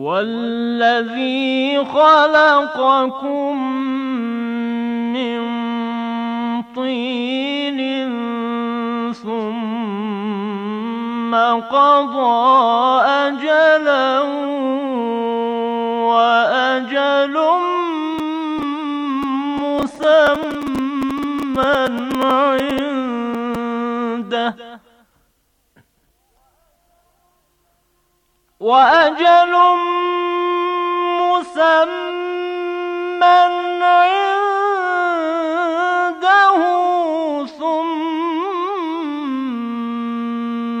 والذي خلقكم من طين ثم قضى أجلا وأجل مسمى عنده وأجل مسمى عنده ثم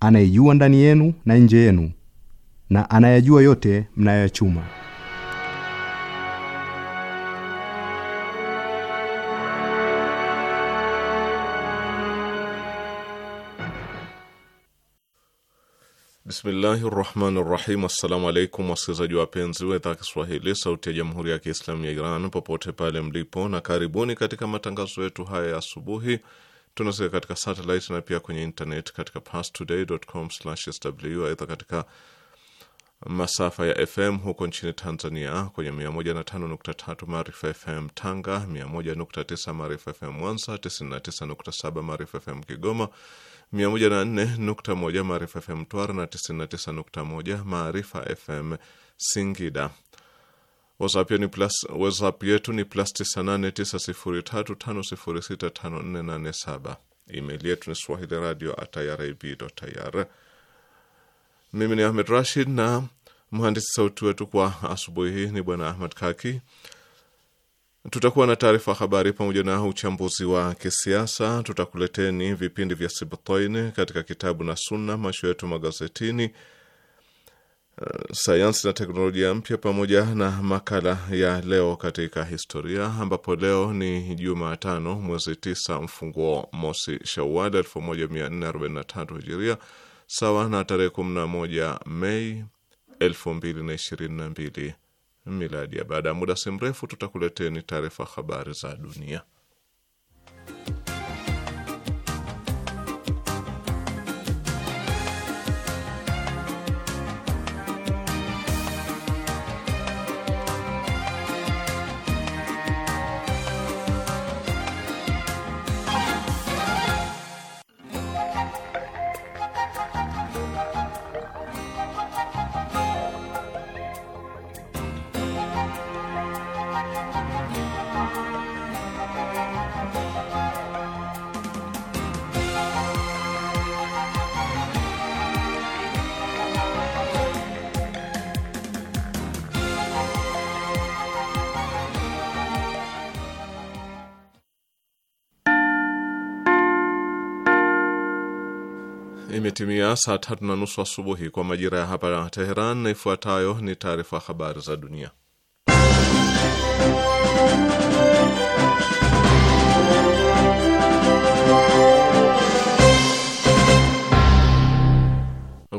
anayejua ndani yenu na nje yenu na anayajua yote mnayoyachuma. Bismillahi rahmani rahim. Assalamu alaikum waskilizaji wapenzi wa idhaa Kiswahili sauti ya jamhuri ya Kiislamu ya Iran popote pale mlipo, na karibuni katika matangazo yetu haya ya asubuhi Tunasikia katika satellite na pia kwenye internet katika pastoday.com/sw. Aidha, katika masafa ya FM huko nchini Tanzania kwenye 105.3 Maarifa FM Tanga, 101.9 Maarifa FM Mwanza, 99.7 Maarifa FM Kigoma, 104.1 Maarifa FM twara na 99.1 Maarifa FM Singida. WhatsApp yetu ni plus 989035065487. Email yetu ni swahili radio atiribir. Mimi ni Ahmed Rashid na mhandisi sauti wetu kwa asubuhi hii ni Bwana Ahmad Kaki. Tutakuwa na taarifa habari pamoja na uchambuzi wa kisiasa. Tutakuleteni vipindi vya sibtoine katika kitabu na Sunna, masho yetu magazetini Uh, sayansi na teknolojia mpya pamoja na makala ya leo katika historia, ambapo leo ni Jumatano mwezi tisa mfunguo mosi Shawal 1443 hijiria sawa na tarehe 11 Mei 2022 miladi. Baada ya muda si mrefu tutakuleteni taarifa habari za dunia. saa tatu na nusu asubuhi kwa majira ya hapa ya Teheran, na ifuatayo ni taarifa habari za dunia.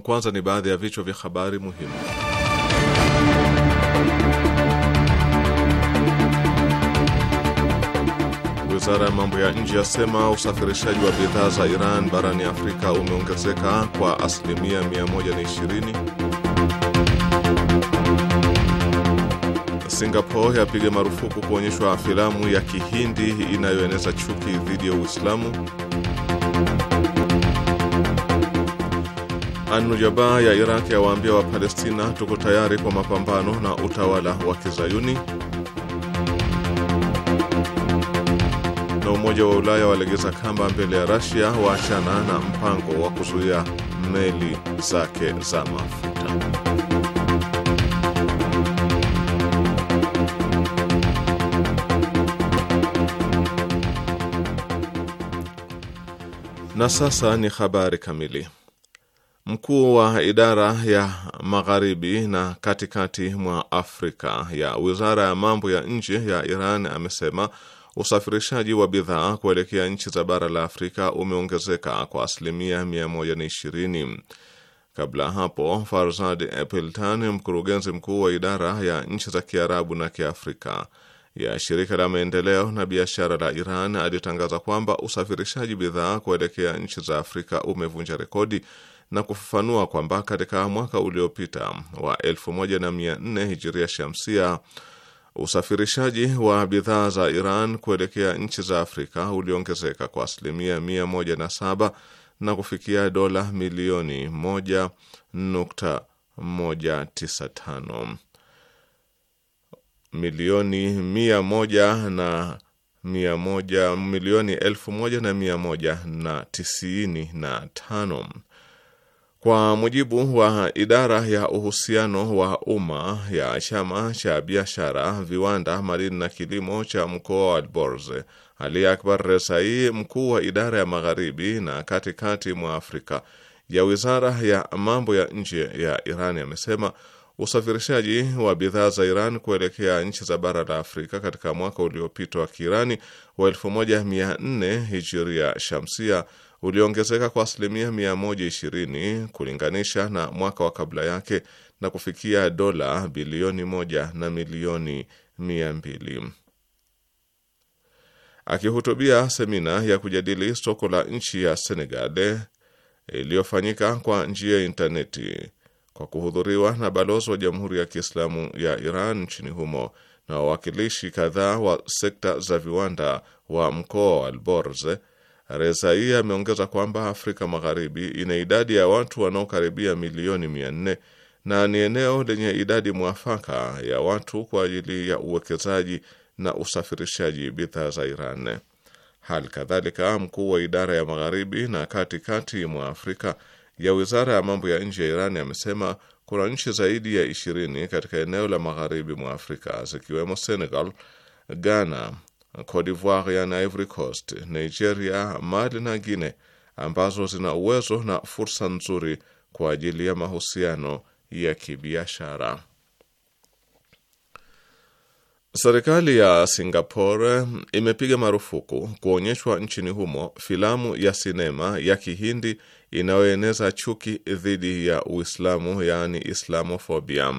Kwanza ni baadhi ya vichwa vya habari muhimu. Wizara ya mambo ya nje yasema usafirishaji wa bidhaa za Iran barani Afrika umeongezeka kwa asilimia 120. Singapore yapiga marufuku kuonyeshwa filamu ya Kihindi inayoeneza chuki dhidi ya Uislamu. Anujaba ya Iraq yawaambia Wapalestina tuko tayari kwa mapambano na utawala wa Kizayuni. Umoja wa Ulaya walegeza kamba mbele ya Rasia waachana na mpango wa kuzuia meli zake za mafuta. Na sasa ni habari kamili. Mkuu wa idara ya magharibi na katikati mwa Afrika ya wizara ya mambo ya nje ya Iran amesema Usafirishaji wa bidhaa kuelekea nchi za bara la Afrika umeongezeka kwa asilimia 120. Kabla hapo, Farzad Peltan, mkurugenzi mkuu wa idara ya nchi za Kiarabu na Kiafrika ya shirika la maendeleo na biashara la Iran, alitangaza kwamba usafirishaji bidhaa kuelekea nchi za Afrika umevunja rekodi na kufafanua kwamba katika mwaka uliopita wa 1400 hijiria shamsia Usafirishaji wa bidhaa za Iran kuelekea nchi za Afrika uliongezeka kwa asilimia 17 na kufikia dola milioni 1.195 milioni mia moja na mia moja milioni elfu moja na mia moja na tisini na tano. Kwa mujibu wa idara ya uhusiano wa umma ya chama cha biashara, viwanda, madini na kilimo cha mkoa wa Alborz, Ali Akbar Resai, mkuu wa idara ya magharibi na katikati mwa Afrika ya wizara ya mambo ya nje ya Iran, amesema usafirishaji wa bidhaa za Iran kuelekea nchi za bara la Afrika katika mwaka uliopita wa Kiirani wa 1400 hijiria shamsia uliongezeka kwa asilimia 120 kulinganisha na mwaka wa kabla yake na kufikia dola bilioni moja na milioni mbili. Akihutubia semina ya kujadili soko la nchi ya Senegal iliyofanyika kwa njia ya intaneti kwa kuhudhuriwa na balozi wa Jamhuri ya Kiislamu ya Iran nchini humo na wawakilishi kadhaa wa sekta za viwanda wa mkoa wa Alborz Rezai ameongeza kwamba Afrika Magharibi ina idadi ya watu wanaokaribia milioni mia nne na ni eneo lenye idadi mwafaka ya watu kwa ajili ya uwekezaji na usafirishaji bidhaa za Iran. Hali kadhalika mkuu wa idara ya magharibi na katikati mwa Afrika ya wizara ya mambo ya nje ya Iran amesema kuna nchi zaidi ya ishirini katika eneo la magharibi mwa Afrika zikiwemo Senegal, Ghana, Cote d'Ivoire na Ivory Coast, Nigeria, Mali na Guinea ambazo zina uwezo na fursa nzuri kwa ajili ya mahusiano ya kibiashara. Serikali ya Singapore imepiga marufuku kuonyeshwa nchini humo filamu ya sinema ya Kihindi inayoeneza chuki dhidi ya Uislamu, yaani Islamofobia.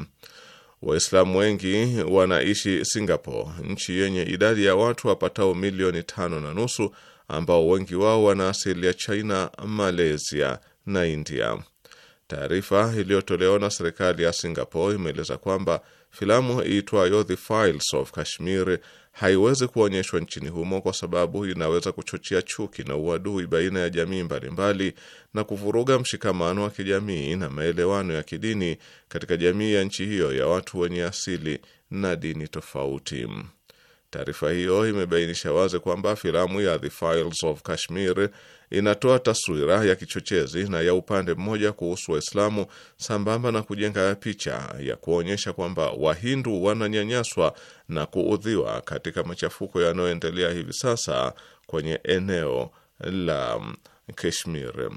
Waislamu wengi wanaishi Singapore, nchi yenye idadi ya watu wapatao milioni tano na nusu ambao wengi wao wana asili ya China, Malaysia na India. Taarifa iliyotolewa na serikali ya Singapore imeeleza kwamba Filamu iitwayo The Files of Kashmir haiwezi kuonyeshwa nchini humo kwa sababu inaweza kuchochea chuki na uadui baina ya jamii mbalimbali na kuvuruga mshikamano wa kijamii na maelewano ya kidini katika jamii ya nchi hiyo ya watu wenye asili na dini tofauti. Taarifa hiyo imebainisha wazi kwamba filamu ya The Files of Kashmir inatoa taswira ya kichochezi na ya upande mmoja kuhusu Waislamu sambamba na kujenga picha ya kuonyesha kwamba Wahindu wananyanyaswa na kuudhiwa katika machafuko yanayoendelea hivi sasa kwenye eneo la Kashmir.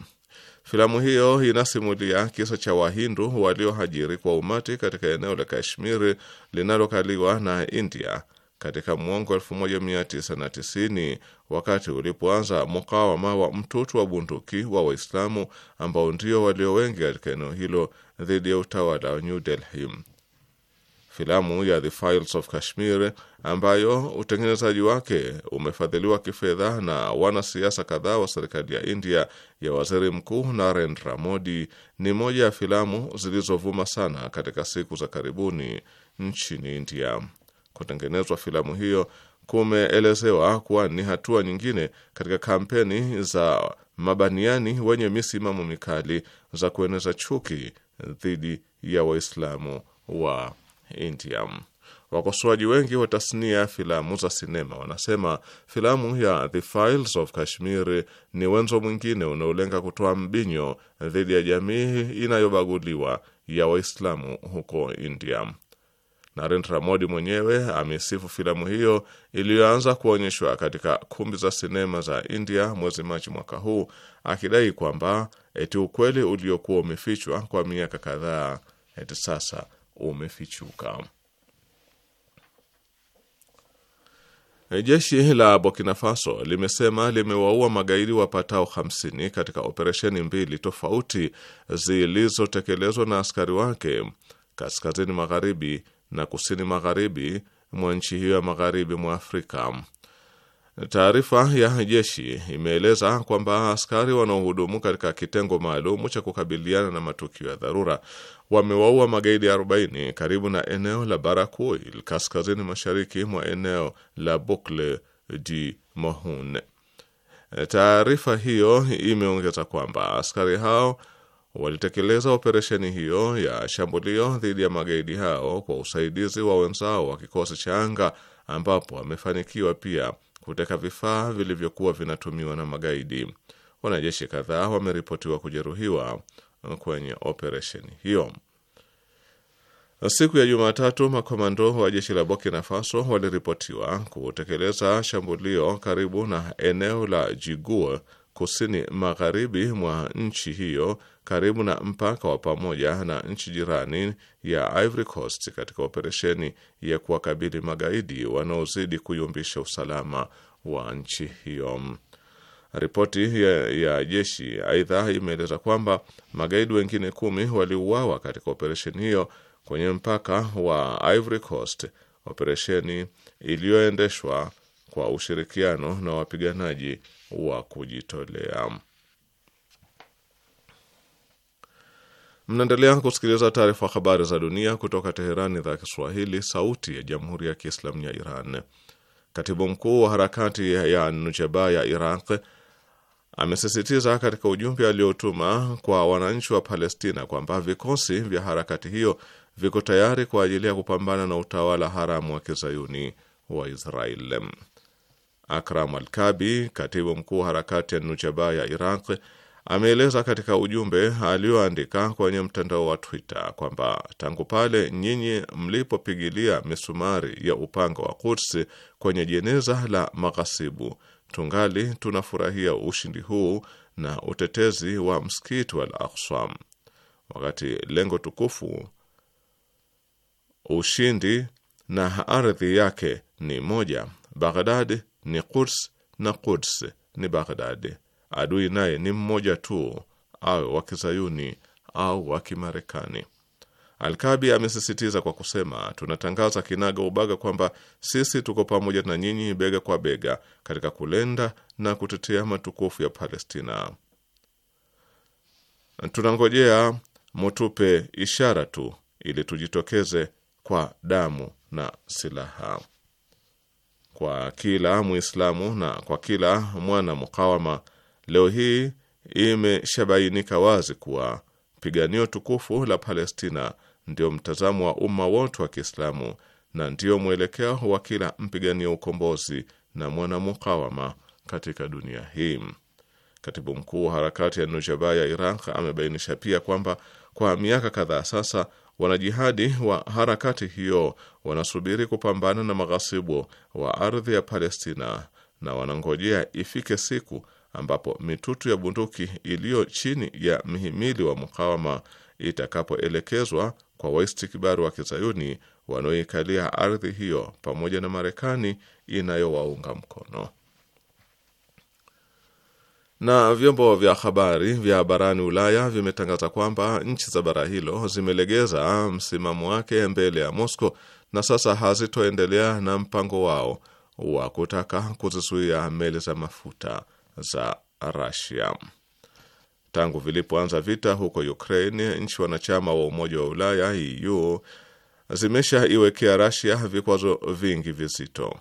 Filamu hiyo inasimulia kisa cha Wahindu waliohajiri kwa umati katika eneo la Kashmir linalokaliwa na India katika mwongo 1990 wakati ulipoanza mukawama wa mtutu wa bunduki wa Waislamu ambao ndio walio wengi katika eneo hilo dhidi ya utawala wa New Delhi. Filamu ya The Files of Kashmir ambayo utengenezaji wake umefadhiliwa kifedha na wanasiasa kadhaa wa serikali ya India ya waziri mkuu Narendra Modi ni moja ya filamu zilizovuma sana katika siku za karibuni nchini India. Kutengenezwa filamu hiyo kumeelezewa kuwa ni hatua nyingine katika kampeni za mabaniani wenye misimamo mikali za kueneza chuki dhidi ya Waislamu wa India. Wakosoaji wengi wa tasnia ya filamu za sinema wanasema filamu ya The Files of Kashmir ni wenzo mwingine unaolenga kutoa mbinyo dhidi ya jamii inayobaguliwa ya Waislamu huko India. Narendra Modi mwenyewe amesifu filamu hiyo iliyoanza kuonyeshwa katika kumbi za sinema za India mwezi Machi mwaka huu, akidai kwamba eti ukweli uliokuwa umefichwa kwa miaka kadhaa eti sasa umefichuka. Jeshi la Burkina Faso limesema limewaua magaidi wapatao 50 katika operesheni mbili tofauti zilizotekelezwa na askari wake kaskazini magharibi na kusini magharibi mwa nchi hiyo ya magharibi mwa Afrika. Taarifa ya jeshi imeeleza kwamba askari wanaohudumu katika kitengo maalum cha kukabiliana na matukio ya dharura wamewaua magaidi 40 karibu na eneo la Barakuil kaskazini mashariki mwa eneo la Boucle di Mahun. Taarifa hiyo imeongeza kwamba askari hao walitekeleza operesheni hiyo ya shambulio dhidi ya magaidi hao kwa usaidizi wa wenzao wa kikosi cha anga, ambapo wamefanikiwa pia kuteka vifaa vilivyokuwa vinatumiwa na magaidi. Wanajeshi kadhaa wameripotiwa kujeruhiwa kwenye operesheni hiyo. Siku ya Jumatatu, makomando wa jeshi la Burkina Faso waliripotiwa kutekeleza shambulio karibu na eneo la Jigur kusini magharibi mwa nchi hiyo karibu na mpaka wa pamoja na nchi jirani ya Ivory Coast katika operesheni ya kuwakabili magaidi wanaozidi kuyumbisha usalama wa nchi hiyo. Ripoti ya, ya jeshi aidha imeeleza kwamba magaidi wengine kumi waliuawa katika operesheni hiyo kwenye mpaka wa Ivory Coast, operesheni iliyoendeshwa kwa ushirikiano na wapiganaji wa kujitolea. Mnaendelea kusikiliza taarifa habari za dunia kutoka Teherani, idhaa ya Kiswahili, sauti ya jamhuri ya kiislamu ya Iran. Katibu mkuu wa harakati ya Nujaba ya Iraq amesisitiza katika ujumbe aliotuma kwa wananchi wa Palestina kwamba vikosi vya harakati hiyo viko tayari kwa ajili ya kupambana na utawala haramu wa kizayuni wa Israeli. Akram Alkabi, katibu mkuu wa harakati ya Nujaba ya Iraq, ameeleza katika ujumbe aliyoandika kwenye mtandao wa Twitter kwamba tangu pale nyinyi mlipopigilia misumari ya upanga wa Quds kwenye jeneza la maghasibu, tungali tunafurahia ushindi huu na utetezi wa msikiti wa Al-Aqsa, wakati lengo tukufu ushindi na ardhi yake ni moja. Baghdad ni Quds na Quds ni Baghdad. Adui naye ni mmoja tu, awe wa kizayuni au wa Kimarekani. Alkabi amesisitiza kwa kusema, tunatangaza kinaga ubaga kwamba sisi tuko pamoja na nyinyi bega kwa bega katika kulenda na kutetea matukufu ya Palestina. Tunangojea mutupe ishara tu ili tujitokeze kwa damu na silaha kwa kila Muislamu na kwa kila mwana mukawama, leo hii imeshabainika wazi kuwa piganio tukufu la Palestina ndio mtazamo wa umma wote wa Kiislamu na ndio mwelekeo wa kila mpigania ukombozi na mwana mukawama katika dunia hii. Katibu mkuu wa harakati ya Nujaba ya Iraq amebainisha pia kwamba kwa miaka kadhaa sasa Wanajihadi wa harakati hiyo wanasubiri kupambana na maghasibu wa ardhi ya Palestina na wanangojea ifike siku ambapo mitutu ya bunduki iliyo chini ya mhimili wa mukawama itakapoelekezwa kwa waistikibari wa kizayuni wanaoikalia ardhi hiyo pamoja na Marekani inayowaunga mkono. Na vyombo vya habari vya barani Ulaya vimetangaza kwamba nchi za bara hilo zimelegeza msimamo wake mbele ya Moscow na sasa hazitoendelea na mpango wao wa kutaka kuzizuia meli za mafuta za Russia. Tangu vilipoanza vita huko Ukraine, nchi wanachama wa Umoja wa Ulaya EU zimeshaiwekea Russia vikwazo vingi vizito.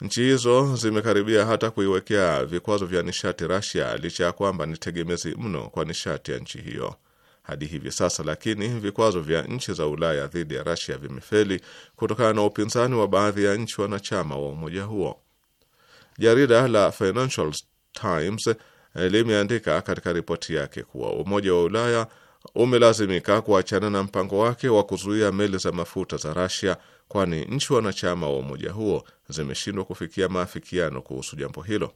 Nchi hizo zimekaribia hata kuiwekea vikwazo vya nishati Rasia licha ya kwamba ni tegemezi mno kwa nishati ya nchi hiyo. Hadi hivi sasa lakini, vikwazo vya nchi za Ulaya dhidi ya Rasia vimefeli kutokana na upinzani wa baadhi ya nchi wanachama wa umoja huo. Jarida la Financial Times eh, limeandika katika ripoti yake kuwa Umoja wa Ulaya umelazimika kuachana na mpango wake wa kuzuia meli za mafuta za Rasia kwani nchi wanachama wa umoja huo zimeshindwa kufikia maafikiano kuhusu jambo hilo.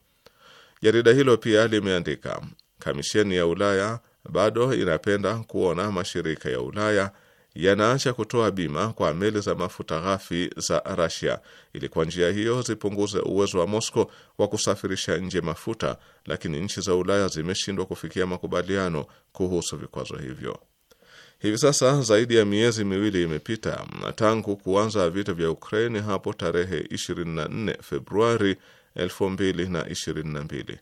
Jarida hilo pia limeandika, kamisheni ya Ulaya bado inapenda kuona mashirika ya Ulaya yanaacha kutoa bima kwa meli za mafuta ghafi za Rasia ili kwa njia hiyo zipunguze uwezo wa Moscow wa kusafirisha nje mafuta, lakini nchi za Ulaya zimeshindwa kufikia makubaliano kuhusu vikwazo hivyo. Hivi sasa zaidi ya miezi miwili imepita tangu kuanza vita vya Ukraini hapo tarehe 24 Februari 2022.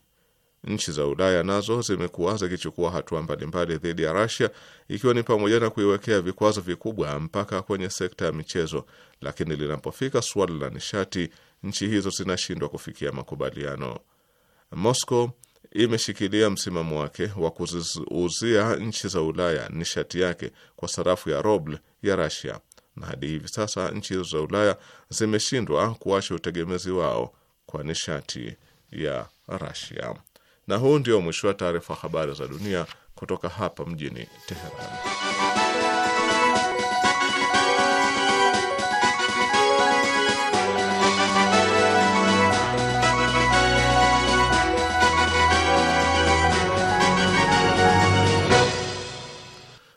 Nchi za Ulaya nazo zimekuwa zikichukua hatua mbalimbali dhidi ya Russia ikiwa ni pamoja na kuiwekea vikwazo vikubwa mpaka kwenye sekta ya michezo, lakini linapofika suala la nishati, nchi hizo zinashindwa kufikia makubaliano. Moscow imeshikilia msimamo wake wa kuziuzia nchi za Ulaya nishati yake kwa sarafu ya roble ya rasia na hadi hivi sasa nchi hizo za Ulaya zimeshindwa kuacha utegemezi wao kwa nishati ya rasia Na huu ndio mwisho wa taarifa habari za dunia kutoka hapa mjini Teheran.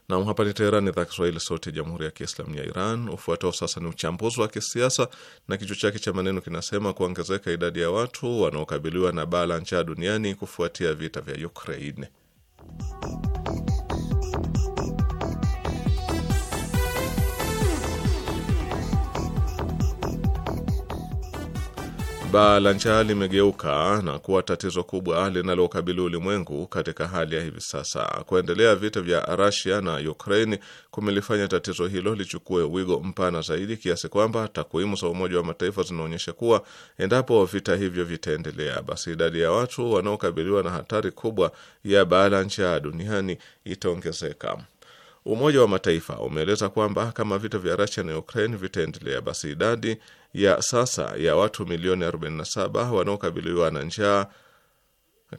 na hapa ni Teherani, idhaa Kiswahili, sauti ya jamhuri ya kiislamu ya Iran. Ufuatao sasa ni uchambuzi wa kisiasa na kichwa chake cha maneno kinasema kuongezeka idadi ya watu wanaokabiliwa na baa la njaa duniani kufuatia vita vya Ukraine. Baa la njaa limegeuka na kuwa tatizo kubwa linalokabili ulimwengu katika hali ya hivi sasa. Kuendelea vita vya rasia na Ukraine kumelifanya tatizo hilo lichukue wigo mpana zaidi, kiasi kwamba takwimu za Umoja wa Mataifa zinaonyesha kuwa endapo vita hivyo vitaendelea, basi idadi ya watu wanaokabiliwa na hatari kubwa ya baa la njaa duniani itaongezeka. Umoja wa Mataifa umeeleza kwamba kama vita vya Russia na Ukraine vitaendelea, basi idadi ya sasa ya watu milioni 47 wanaokabiliwa na njaa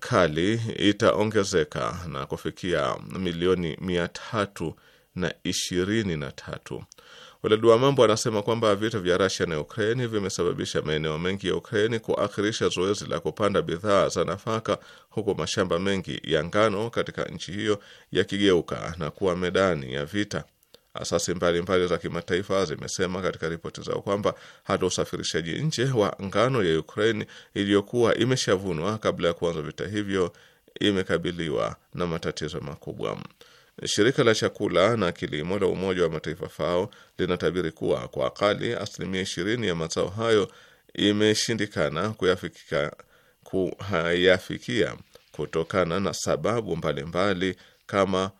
kali itaongezeka na kufikia milioni 323. tatu Weledi wa mambo anasema kwamba vita vya russia na Ukraini vimesababisha maeneo mengi ya Ukraini kuakhirisha zoezi la kupanda bidhaa za nafaka, huku mashamba mengi ya ngano katika nchi hiyo yakigeuka na kuwa medani ya vita. Asasi mbalimbali za kimataifa zimesema katika ripoti zao kwamba hata usafirishaji nje wa ngano ya Ukraine iliyokuwa imeshavunwa kabla ya kuanza vita hivyo imekabiliwa na matatizo makubwa. Shirika la chakula na kilimo la Umoja wa Mataifa FAO linatabiri kuwa kwa akali asilimia ishirini ya mazao hayo imeshindikana kuyafikia kutokana na sababu mbalimbali mbali kama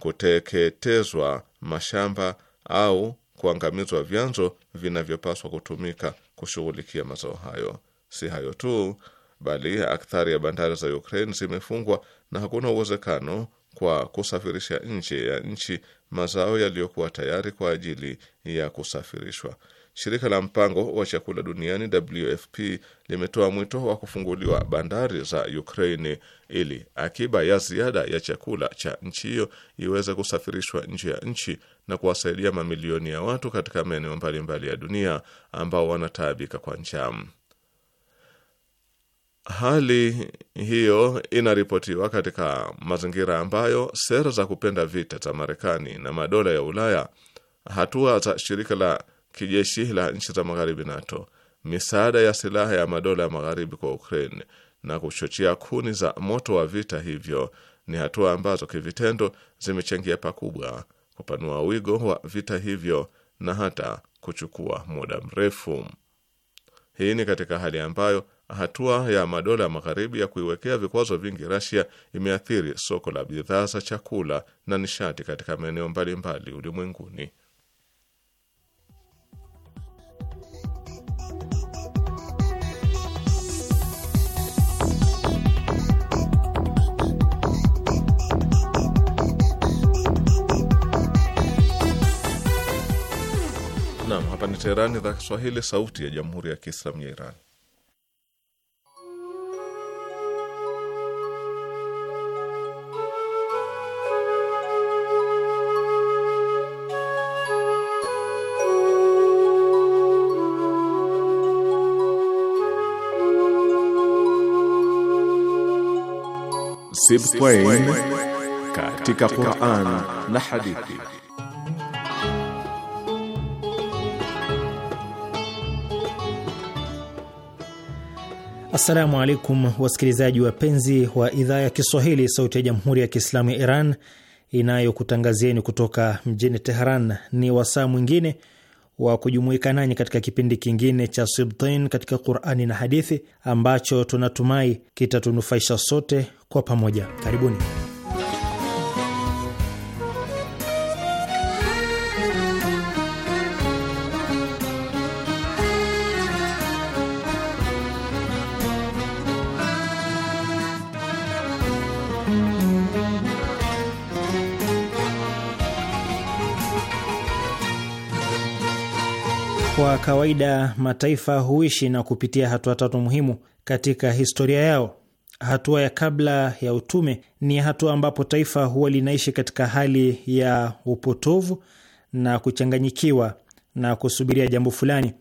kuteketezwa mashamba au kuangamizwa vyanzo vinavyopaswa kutumika kushughulikia mazao hayo. Si hayo tu, bali akthari ya bandari za Ukraine zimefungwa na hakuna uwezekano kwa kusafirisha nje ya nchi mazao yaliyokuwa tayari kwa ajili ya kusafirishwa. Shirika la mpango wa chakula duniani WFP limetoa mwito wa kufunguliwa bandari za Ukraini ili akiba ya ziada ya chakula cha nchi hiyo iweze kusafirishwa nje ya nchi na kuwasaidia mamilioni ya watu katika maeneo mbalimbali ya dunia ambao wanataabika kwa njaa. Hali hiyo inaripotiwa katika mazingira ambayo sera za kupenda vita za Marekani na madola ya Ulaya, hatua za shirika la kijeshi la nchi za magharibi NATO, misaada ya silaha ya madola ya magharibi kwa Ukraine na kuchochea kuni za moto wa vita hivyo ni hatua ambazo kivitendo zimechangia pakubwa kupanua wigo wa vita hivyo na hata kuchukua muda mrefu. Hii ni katika hali ambayo hatua ya madola ya magharibi ya kuiwekea vikwazo vingi Rasia imeathiri soko la bidhaa za chakula na nishati katika maeneo mbalimbali ulimwenguni. Hapa ni Teherani, idhaa Kiswahili, sauti ya jamhuri ya kiislamu ya Iran. Sibtain katika Quran na hadithi Assalamu alaikum wasikilizaji wapenzi wa idhaa ya Kiswahili sauti ya jamhuri ya Kiislamu ya Iran inayokutangazieni kutoka mjini Teheran. Ni wasaa mwingine wa kujumuika nanyi katika kipindi kingine cha Sibtain katika Qurani na Hadithi ambacho tunatumai kitatunufaisha sote kwa pamoja. Karibuni. kawaida mataifa huishi na kupitia hatua tatu muhimu katika historia yao. Hatua ya kabla ya utume ni hatua ambapo taifa huwa linaishi katika hali ya upotovu na kuchanganyikiwa na kusubiria jambo fulani.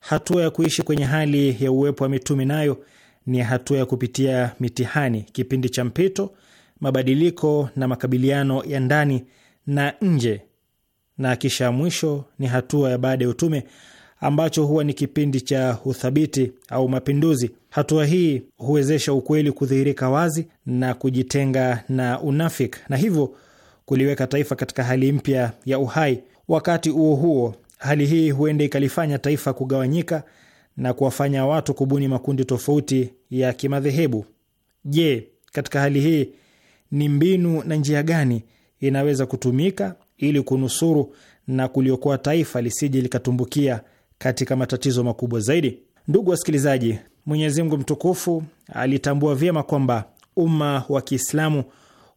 Hatua ya kuishi kwenye hali ya uwepo wa mitume nayo ni hatua ya kupitia mitihani, kipindi cha mpito, mabadiliko na makabiliano ya ndani na nje, na kisha mwisho ni hatua ya baada ya utume ambacho huwa ni kipindi cha uthabiti au mapinduzi. Hatua hii huwezesha ukweli kudhihirika wazi na kujitenga na unafiki, na hivyo kuliweka taifa katika hali mpya ya uhai. Wakati huo huo, hali hii huenda ikalifanya taifa kugawanyika na kuwafanya watu kubuni makundi tofauti ya kimadhehebu. Je, katika hali hii ni mbinu na njia gani inaweza kutumika ili kunusuru na kuliokoa taifa lisije likatumbukia katika matatizo makubwa zaidi. Ndugu wasikilizaji, Mwenyezi Mungu mtukufu alitambua vyema kwamba umma wa Kiislamu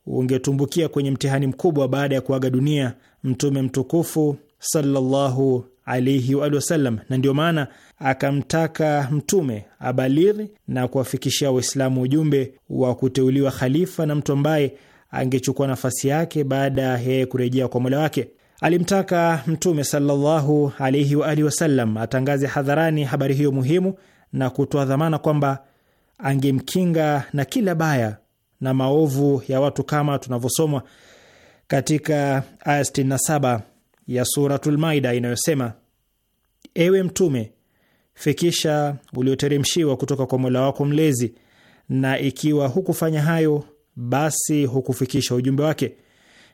ungetumbukia kwenye mtihani mkubwa baada ya kuaga dunia mtume mtukufu sallallahu alaihi wa na ndio maana akamtaka mtume abaliri na kuwafikishia Waislamu ujumbe wa kuteuliwa khalifa na mtu ambaye angechukua nafasi yake baada ya yeye kurejea kwa Mola wake. Alimtaka Mtume sallallahu alaihi wa alihi wasallam atangaze hadharani habari hiyo muhimu na kutoa dhamana kwamba angemkinga na kila baya na maovu ya watu kama tunavyosomwa katika aya 67 ya Suratul Maida inayosema: ewe Mtume, fikisha ulioteremshiwa kutoka kwa Mola wako Mlezi, na ikiwa hukufanya hayo, basi hukufikisha ujumbe wake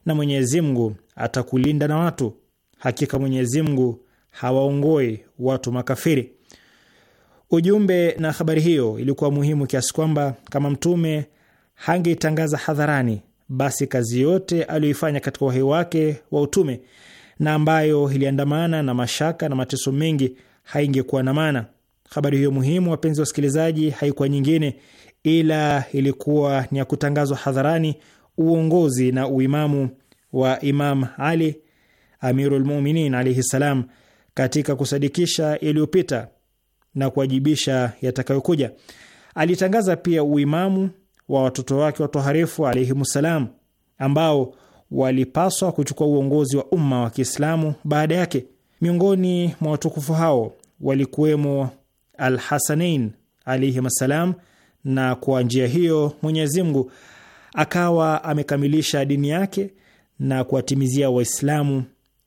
na Mwenyezi Mungu atakulinda na watu. Hakika Mwenyezi Mungu hawaongoi watu makafiri. Ujumbe na habari hiyo ilikuwa muhimu kiasi kwamba kama Mtume hangeitangaza hadharani, basi kazi yote aliyoifanya katika uhai wake wa utume na ambayo iliandamana na mashaka na mateso mengi haingekuwa na maana. Habari hiyo muhimu, wapenzi wa wasikilizaji, haikuwa nyingine ila ilikuwa ni ya kutangazwa hadharani uongozi na uimamu wa Imam Ali Amirul Muminin alaihi ssalam katika kusadikisha yaliyopita na kuwajibisha yatakayokuja. Alitangaza pia uimamu wa watoto wake watoharifu alaihimussalam, ambao walipaswa kuchukua uongozi wa umma wa Kiislamu baada yake. Miongoni mwa watukufu hao walikuwemo alhasanein alaihim assalam, na kwa njia hiyo Mwenyezi Mungu akawa amekamilisha dini yake na kuwatimizia Waislamu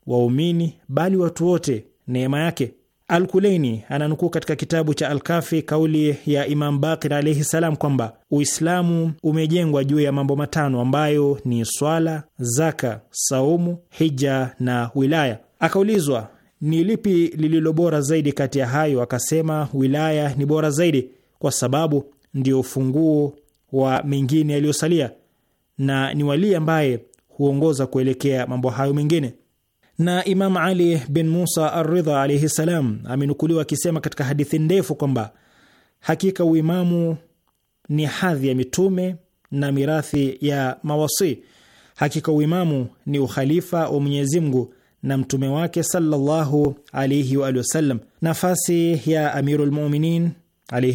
waumini, bali watu wote neema yake. Alkuleini ananukuu katika kitabu cha Alkafi kauli ya Imam Bakir alaihi salam kwamba Uislamu umejengwa juu ya mambo matano ambayo ni swala, zaka, saumu, hija na wilaya. Akaulizwa ni lipi lililo bora zaidi kati ya hayo, akasema wilaya ni bora zaidi, kwa sababu ndio ufunguo wa mengine yaliyosalia na ni walii ambaye huongoza kuelekea mambo hayo mengine. Na Imam Ali bin Musa aridha alaihi salam amenukuliwa akisema katika hadithi ndefu kwamba hakika uimamu ni hadhi ya mitume na mirathi ya mawasi. Hakika uimamu ni ukhalifa wa Mwenyezi Mungu na mtume wake sallallahu alaihi wa alihi wasallam. Nafasi ya Amirul Mu'minin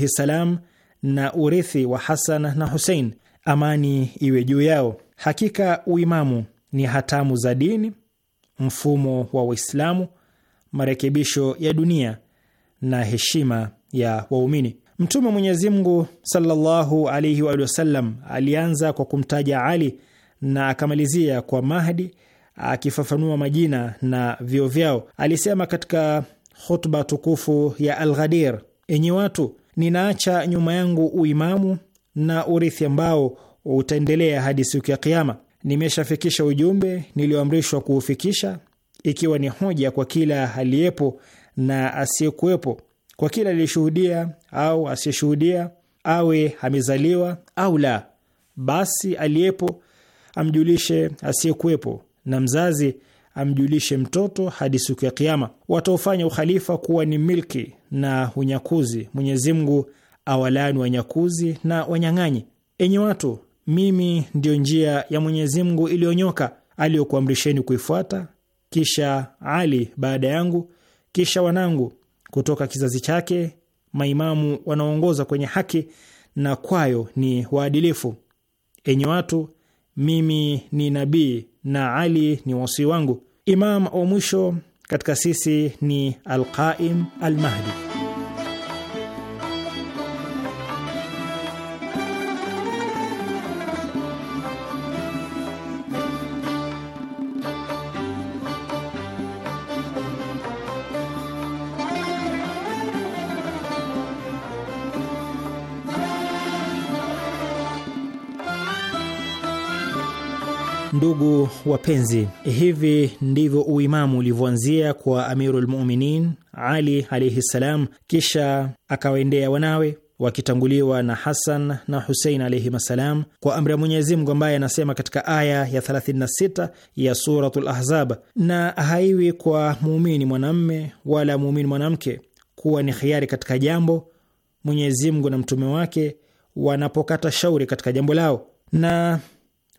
salam na urithi wa Hasan na Husein, amani iwe juu yao. Hakika uimamu ni hatamu za dini, mfumo wa Waislamu, marekebisho ya dunia na heshima ya waumini. Mtume Mwenyezi Mungu sallallahu alaihi wa sallam alianza kwa kumtaja Ali na akamalizia kwa Mahdi, akifafanua majina na vio vyao. Alisema katika khutba tukufu ya Alghadir, enyi watu ninaacha nyuma yangu uimamu na urithi ambao utaendelea hadi siku ya Kiama. Nimeshafikisha ujumbe nilioamrishwa kuufikisha, ikiwa ni hoja kwa kila aliyepo na asiyekuwepo, kwa kila aliyeshuhudia au asiyeshuhudia, awe amezaliwa au la. Basi aliyepo amjulishe asiyekuwepo, na mzazi amjulishe mtoto hadi siku ya Kiama. Wataofanya ukhalifa kuwa ni milki na unyakuzi, Mwenyezi Mungu awalaani wanyakuzi na wanyang'anyi. Enyi watu, mimi ndiyo njia ya Mwenyezi Mungu iliyonyoka aliyokuamrisheni kuifuata, kisha Ali baada yangu, kisha wanangu kutoka kizazi chake, maimamu wanaoongoza kwenye haki na kwayo ni waadilifu. Enyi watu, mimi ni nabii na Ali ni wasii wangu. Imam wa mwisho katika sisi ni Alqaim Almahdi. Ndugu wapenzi, hivi ndivyo uimamu ulivyoanzia kwa amirulmuminin Ali alaihi ssalam, kisha akawaendea wanawe wakitanguliwa na Hasan na Husein alaihim assalam, kwa amri ya Mwenyezi Mungu ambaye anasema katika aya ya 36 ya Suratul Lahzab, na haiwi kwa muumini mwanamme wala muumini mwanamke kuwa ni khiari katika jambo Mwenyezi Mungu na mtume wake wanapokata shauri katika jambo lao, na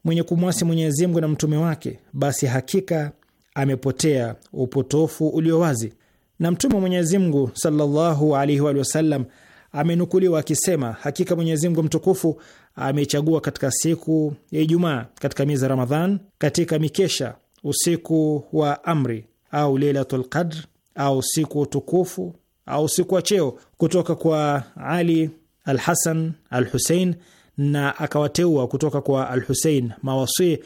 mwenye kumwasi Mwenyezi Mungu na mtume wake, basi hakika amepotea upotofu ulio wazi. Na mtume wa Mwenyezi Mungu sallallahu alaihi wa sallam amenukuliwa akisema, hakika Mwenyezi Mungu mtukufu amechagua katika siku ya Ijumaa katika miezi ya Ramadhan, katika mikesha usiku wa amri au Lailatul Qadr au siku tukufu au siku wa cheo kutoka kwa Ali alhasan alhusein al na akawateua kutoka kwa Al Husein mawasi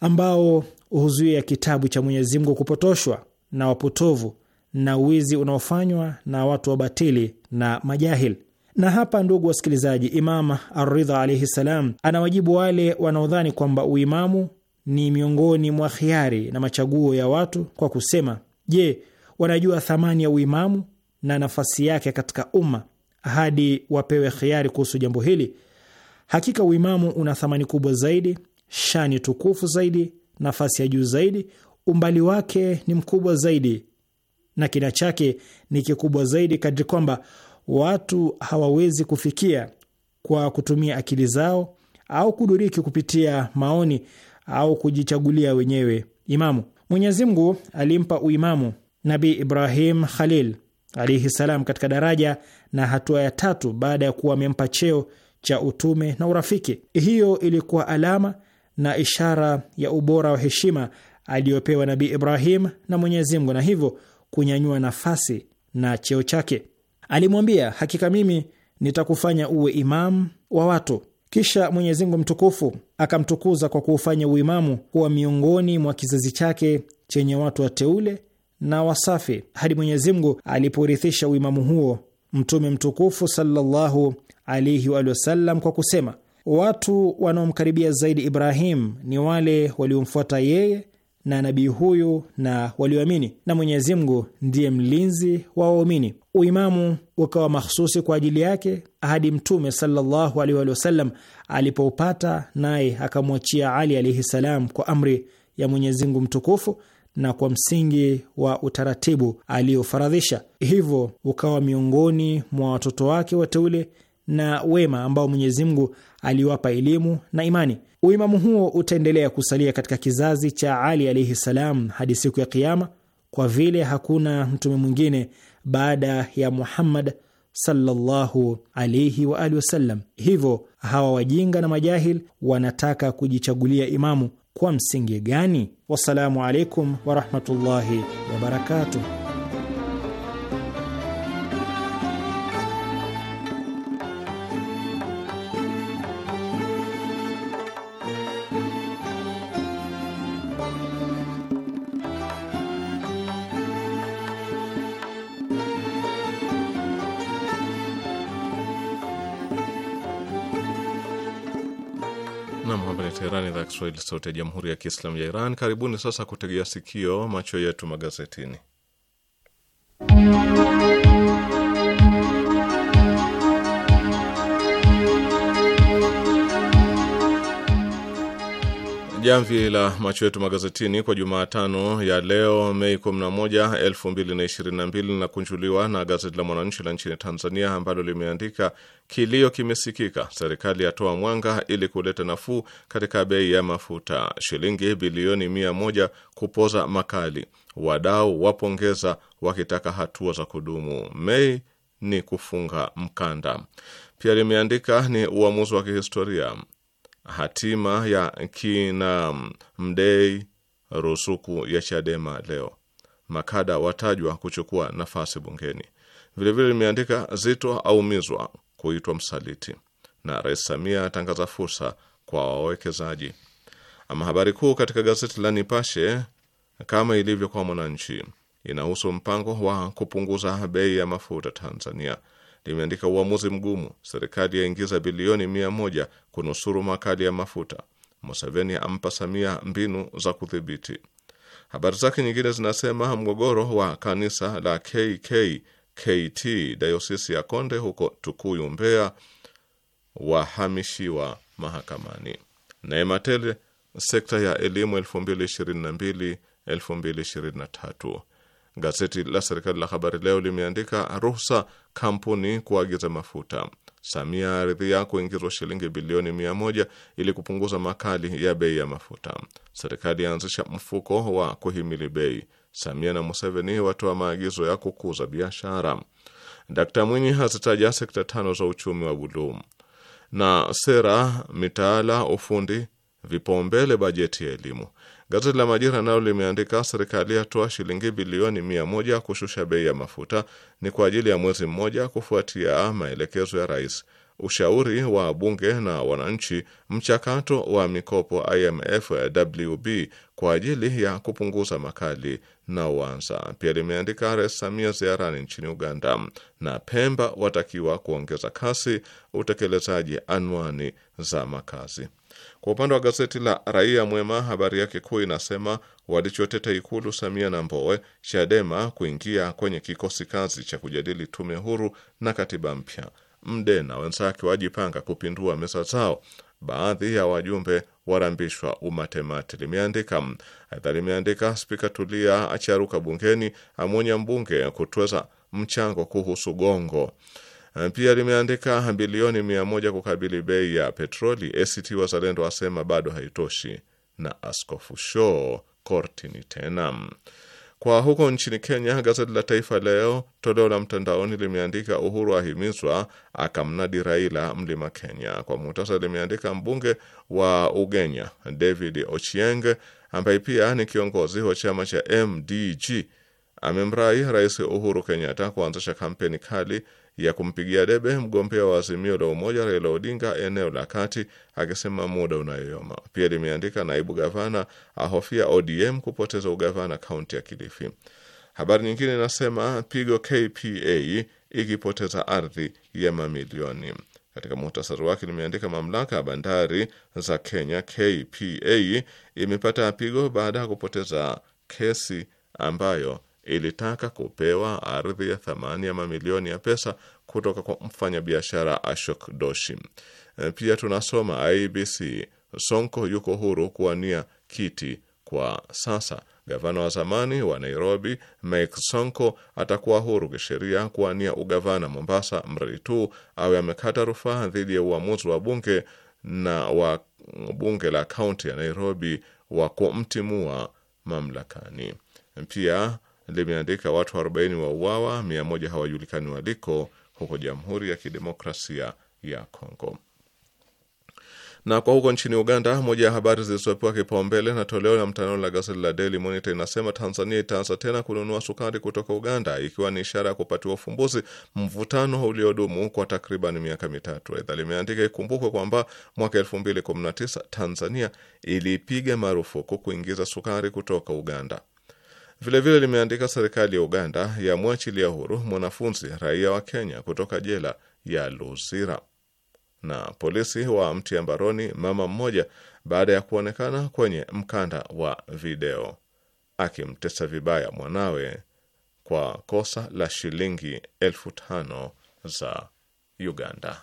ambao huzuia kitabu cha Mwenyezi Mungu kupotoshwa na wapotovu na wizi unaofanywa na watu wabatili na majahil. Na hapa, ndugu wasikilizaji, Imam aridha alaihi salam anawajibu wale wanaodhani kwamba uimamu ni miongoni mwa khiari na machaguo ya watu kwa kusema, je, wanajua thamani ya uimamu na nafasi yake katika umma hadi wapewe khiari kuhusu jambo hili? Hakika uimamu una thamani kubwa zaidi, shani tukufu zaidi, nafasi ya juu zaidi, umbali wake ni mkubwa zaidi na kina chake ni kikubwa zaidi, kadri kwamba watu hawawezi kufikia kwa kutumia akili zao au kuduriki kupitia maoni au kujichagulia wenyewe imamu. Mwenyezi Mungu alimpa uimamu Nabi Ibrahim Khalil alaihi salam katika daraja na hatua ya tatu baada ya kuwa amempa cheo cha utume na urafiki. Hiyo ilikuwa alama na ishara ya ubora wa heshima aliyopewa Nabii Ibrahim na Mwenyezi Mungu, na hivyo kunyanyua nafasi na cheo chake. Alimwambia, hakika mimi nitakufanya uwe imamu wa watu. Kisha Mwenyezi Mungu mtukufu akamtukuza kwa kuufanya uimamu kuwa miongoni mwa kizazi chake chenye watu wateule na wasafi, hadi Mwenyezi Mungu aliporithisha uimamu huo Mtume mtukufu sallallahu alaihi kwa kusema, watu wanaomkaribia zaidi Ibrahim ni wale waliomfuata yeye na nabii huyu na walioamini, na Mwenyezi Mungu ndiye mlinzi wa waumini. Uimamu ukawa mahsusi kwa ajili yake hadi Mtume sallallahu alaihi wasallam alipoupata, naye akamwachia Ali alaihi salam kwa amri ya Mwenyezi Mungu mtukufu na kwa msingi wa utaratibu aliofaradhisha, hivyo ukawa miongoni mwa watoto wake wateule na wema ambao Mwenyezi Mungu aliwapa elimu na imani. Uimamu huo utaendelea kusalia katika kizazi cha Ali alaihi salam hadi siku ya Kiama, kwa vile hakuna mtume mwingine baada ya Muhammad sallallahu alaihi wa alihi wasallam. Hivyo hawa wajinga na majahil wanataka kujichagulia imamu kwa msingi gani? Wassalamu alaikum warahmatullahi wabarakatuh. Kiswahili, Sauti ya Jamhuri ya Kiislamu ya Iran. Karibuni sasa kutegea sikio macho yetu magazetini. jamvi la macho yetu magazetini kwa Jumatano ya leo Mei 11, 2022 linakunjuliwa na gazeti la Mwananchi la nchini Tanzania ambalo limeandika kilio kimesikika, serikali yatoa mwanga ili kuleta nafuu katika bei ya mafuta, shilingi bilioni mia moja kupoza makali, wadau wapongeza wakitaka hatua za kudumu, Mei ni kufunga mkanda. Pia limeandika ni uamuzi wa kihistoria hatima ya kina Mdei, rusuku ya Chadema leo, makada watajwa kuchukua nafasi bungeni. Vilevile limeandika Zito aumizwa kuitwa msaliti, na Rais Samia atangaza fursa kwa wawekezaji. Ama habari kuu katika gazeti la Nipashe kama ilivyo kwa Mwananchi inahusu mpango wa kupunguza bei ya mafuta Tanzania limeandika uamuzi mgumu, serikali yaingiza bilioni mia moja kunusuru makali ya mafuta, Museveni ampa Samia mbinu za kudhibiti. Habari zake nyingine zinasema mgogoro wa kanisa la KKKT dayosisi ya Konde huko Tukuyu, Mbeya wahamishiwa mahakamani. Neema Tele, sekta ya elimu 2022 2023 Gazeti la serikali la Habari Leo limeandika ruhusa kampuni kuagiza mafuta, Samia aridhia kuingizwa shilingi bilioni mia moja ili kupunguza makali ya bei ya mafuta, serikali yaanzisha mfuko wa kuhimili bei, Samia na Museveni watoa maagizo ya kukuza biashara, Dkt Mwinyi hazitaja sekta tano za uchumi wa buluu na sera, mitaala, ufundi vipaumbele bajeti ya elimu. Gazeti la Majira nalo limeandika serikali yatoa shilingi bilioni mia moja kushusha bei ya mafuta, ni kwa ajili ya mwezi mmoja kufuatia maelekezo ya rais, ushauri wa bunge na wananchi, mchakato wa mikopo IMF WB kwa ajili ya kupunguza makali na uanza. Pia limeandika Rais Samia ziarani nchini Uganda na Pemba watakiwa kuongeza kasi utekelezaji anwani za makazi. Kwa upande wa gazeti la Raia Mwema, habari yake kuu inasema walichoteta Ikulu, Samia na Mbowe, Chadema kuingia kwenye kikosi kazi cha kujadili tume huru na katiba mpya. Mde na wenzake wajipanga kupindua meza zao, baadhi ya wajumbe warambishwa umatemati, limeandika. Aidha limeandika Spika Tulia acharuka bungeni, amwonya mbunge kutweza mchango kuhusu gongo Eh, pia limeandika bilioni mia moja kukabili bei ya petroli, ACT Wazalendo asema bado haitoshi, na Askofu Shoo kortini tena. Kwa huko nchini Kenya, gazeti la Taifa Leo toleo la mtandaoni limeandika Uhuru ahimizwa akamnadi Raila mlima Kenya. Kwa muhtasari, limeandika mbunge wa Ugenya David Ochieng ambaye pia ni kiongozi wa chama cha MDG amemrai Rais Uhuru Kenyatta kuanzisha kampeni kali ya kumpigia debe mgombea wa Azimio la Umoja Raila Odinga eneo la kati, akisema muda unayoyoma. Pia limeandika naibu gavana ahofia ODM kupoteza ugavana kaunti ya Kilifi. Habari nyingine inasema pigo KPA ikipoteza ardhi ya mamilioni. Katika muhtasari wake limeandika mamlaka ya bandari za Kenya KPA imepata pigo baada ya kupoteza kesi ambayo ilitaka kupewa ardhi ya thamani ya mamilioni ya pesa kutoka kwa mfanyabiashara Ashok Doshi. E, pia tunasoma IBC, Sonko yuko huru kuwania kiti kwa sasa. Gavana wa zamani wa Nairobi Mike Sonko atakuwa huru kisheria kuwania ugavana Mombasa, mradi tu awe amekata rufaa dhidi ya uamuzi wa bunge na wa bunge la kaunti ya Nairobi wa kumtimua mamlakani. Pia limeandika watu 40 wa uawa, 100 hawajulikani waliko huko Jamhuri ya Kidemokrasia ya Kongo. Na kwa huko nchini Uganda, moja ya habari zilizopewa kipaumbele na toleo la mtandao la gazeti la Daily Monitor inasema Tanzania itaanza tena kununua sukari kutoka Uganda, ikiwa ni ishara ya kupatiwa ufumbuzi mvutano uliodumu kwa takriban miaka mitatu. Aidha limeandika ikumbukwe kwamba mwaka 2019 Tanzania ilipiga marufuku kuingiza sukari kutoka Uganda. Vilevile limeandika serikali ya Uganda yamwachilia ya huru mwanafunzi raia wa Kenya kutoka jela ya Luzira, na polisi wa wamtia mbaroni mama mmoja baada ya kuonekana kwenye mkanda wa video akimtesa vibaya mwanawe kwa kosa la shilingi elfu tano za Uganda.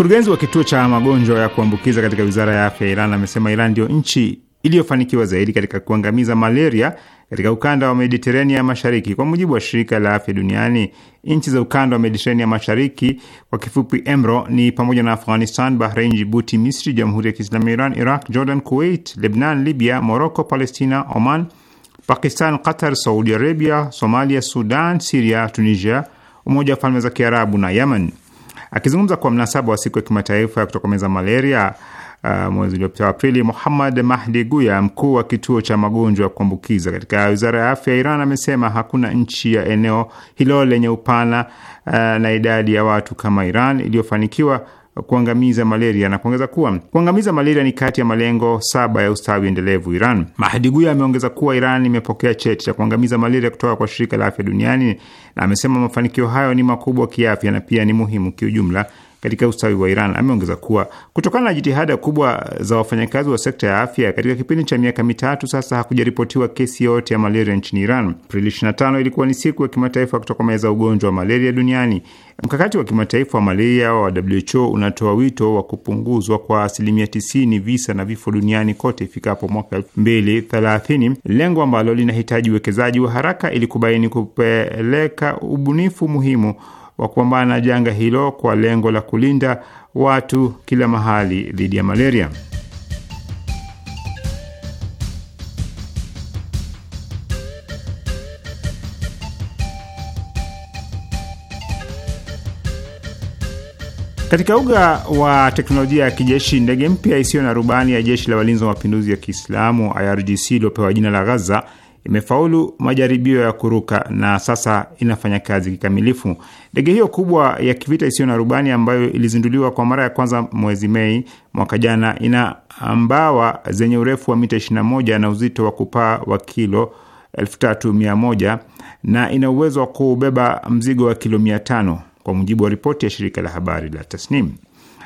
Mkurugenzi wa kituo cha magonjwa ya kuambukiza katika wizara ya afya ya Iran amesema Iran ndiyo nchi iliyofanikiwa zaidi katika kuangamiza malaria katika ukanda wa Mediterania ya Mashariki. Kwa mujibu wa shirika la afya duniani, nchi za ukanda wa Mediterania Mashariki, kwa kifupi EMRO, ni pamoja na Afghanistan, Bahrain, Jibuti, Misri, Jamhuri ya Kiislamu ya Iran, Iraq, Jordan, Kuwait, Lebnan, Libya, Moroko, Palestina, Oman, Pakistan, Qatar, Saudi Arabia, Somalia, Sudan, Siria, Tunisia, Umoja wa Falme za Kiarabu na Yemen. Akizungumza kwa mnasaba wa siku ya kimataifa ya kutokomeza malaria uh, mwezi uliopita wa Aprili, Muhammad Mahdi Guya, mkuu wa kituo cha magonjwa ya kuambukiza katika wizara ya afya ya Iran, amesema hakuna nchi ya eneo hilo lenye upana uh, na idadi ya watu kama Iran iliyofanikiwa kuangamiza malaria na kuongeza kuwa kuangamiza malaria ni kati ya malengo saba ya ustawi endelevu Iran. mahdiguya ameongeza kuwa Iran imepokea cheti cha kuangamiza malaria kutoka kwa shirika la afya duniani, na amesema mafanikio hayo ni makubwa kiafya na pia ni muhimu kiujumla katika ustawi wa Iran. Ameongeza kuwa kutokana na jitihada kubwa za wafanyakazi wa sekta ya afya katika kipindi cha miaka mitatu sasa, hakujaripotiwa kesi yoyote ya malaria nchini Iran. Aprili 25 ilikuwa ni siku ya kimataifa kutokomeza ugonjwa wa malaria duniani. Mkakati wa kimataifa wa malaria wa WHO unatoa wito wa kupunguzwa kwa asilimia 90 visa na vifo duniani kote ifikapo mwaka 2030, lengo ambalo linahitaji uwekezaji wa haraka ili kubaini kupeleka ubunifu muhimu wa kupambana na janga hilo kwa lengo la kulinda watu kila mahali dhidi ya malaria. Katika uga wa teknolojia ya kijeshi, ndege mpya isiyo na rubani ya jeshi la walinzi wa mapinduzi ya Kiislamu IRGC iliyopewa jina la Ghaza imefaulu majaribio ya kuruka na sasa inafanya kazi kikamilifu. Ndege hiyo kubwa ya kivita isiyo na rubani ambayo ilizinduliwa kwa mara ya kwanza mwezi Mei mwaka jana ina mbawa zenye urefu wa mita 21 na uzito wa kupaa wa kilo 3100 na ina uwezo wa kubeba mzigo wa kilo 500 kwa mujibu wa ripoti ya shirika la habari la Tasnim.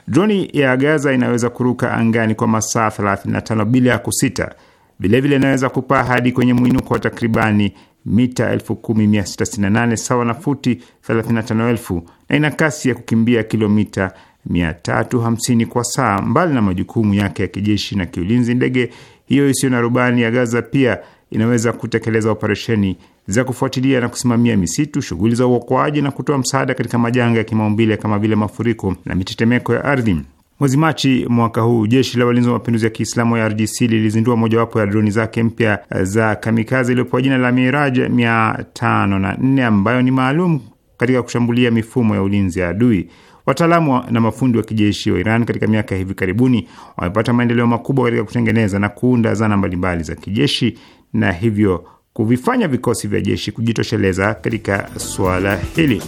Droni ya Gaza inaweza kuruka angani kwa masaa 35 bila ya kusita. Vilevile inaweza kupaa hadi kwenye mwinuko wa takribani mita 10668 sawa na futi 35000 na ina kasi ya kukimbia kilomita 350 kwa saa. Mbali na majukumu yake ya kijeshi na kiulinzi, ndege hiyo isiyo na rubani ya Gaza pia inaweza kutekeleza operesheni za kufuatilia na kusimamia misitu, shughuli za uokoaji na kutoa msaada katika majanga ya kimaumbile kama vile mafuriko na mitetemeko ya ardhi. Mwezi Machi mwaka huu jeshi la walinzi wa mapinduzi ya Kiislamu ya RGC lilizindua mojawapo ya droni zake mpya za kamikazi iliyopewa jina la Miraj mia tano na nne ambayo ni maalum katika kushambulia mifumo ya ulinzi ya adui. Wataalamu na mafundi wa kijeshi wa Iran katika miaka ya hivi karibuni wamepata maendeleo makubwa katika kutengeneza na kuunda zana mbalimbali za kijeshi na hivyo kuvifanya vikosi vya jeshi kujitosheleza katika suala hili.